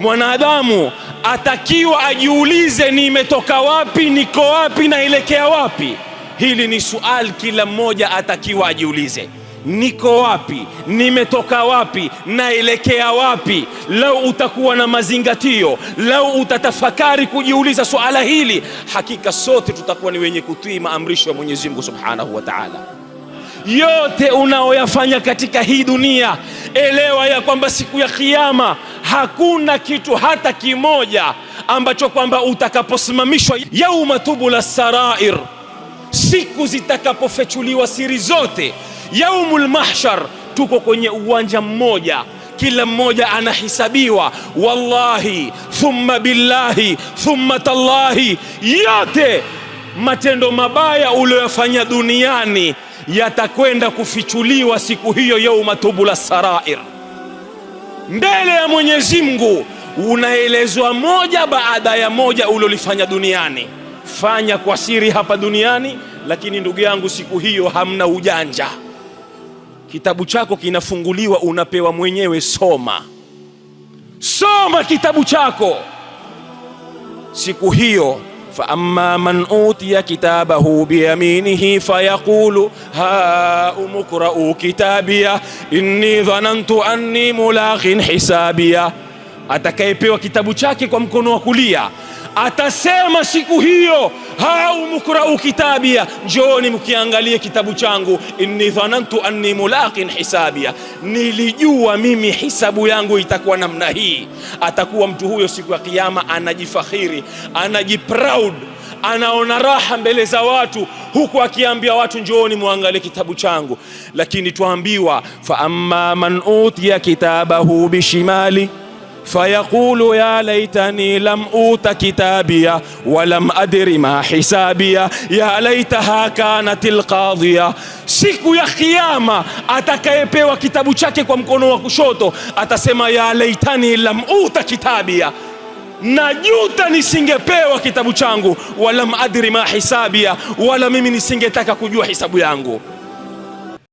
mwanadamu atakiwa ajiulize, nimetoka wapi, niko wapi, naelekea wapi? Hili ni suali kila mmoja atakiwa ajiulize, niko wapi, nimetoka wapi, naelekea wapi? Lau utakuwa na mazingatio, lau utatafakari kujiuliza suala hili, hakika sote tutakuwa ni wenye kutii maamrisho ya Mwenyezi Mungu Subhanahu wa Ta'ala. Yote unaoyafanya katika hii dunia, elewa ya kwamba siku ya Kiyama hakuna kitu hata kimoja ambacho kwamba utakaposimamishwa yauma tubula sarair, siku zitakapofechuliwa siri zote, yaumul mahshar, tuko kwenye uwanja mmoja kila mmoja anahisabiwa, wallahi thumma billahi thumma tallahi, yote matendo mabaya uliyoyafanya duniani yatakwenda kufichuliwa siku hiyo, yauma tubula sarair mbele ya Mwenyezi Mungu unaelezwa moja baada ya moja ulolifanya duniani. Fanya kwa siri hapa duniani, lakini ndugu yangu, siku hiyo hamna ujanja. Kitabu chako kinafunguliwa, unapewa mwenyewe, soma soma kitabu chako siku hiyo فأما من أوتي كتابه بيمينه فيقول هاؤم اقرءوا كتابيه إني ظننت أني ملاق حسابيه. Atakayepewa kitabu chake kwa mkono wa kulia atasema siku hiyo, hau mukrau kitabia, njooni mkiangalie kitabu changu, inni dhanantu anni mulaqin hisabia, nilijua mimi hisabu yangu itakuwa namna hii. Atakuwa mtu huyo siku ya Kiyama anajifakhiri, anajiproud, anaona raha mbele za watu, huku akiambia watu njooni muangalie kitabu changu. Lakini twaambiwa fa amma man utiya kitabahu bishimali fayaqulu ya laitani lam uta kitabiya walam adri ma hisabiya ya laitaha kanat alqadhiya, siku ya Kiyama atakayepewa kitabu chake kwa mkono wa kushoto atasema ya laitani lam uta kitabia na juta nisingepewa kitabu changu, walam adri ma hisabia, wala mimi nisingetaka kujua hisabu yangu.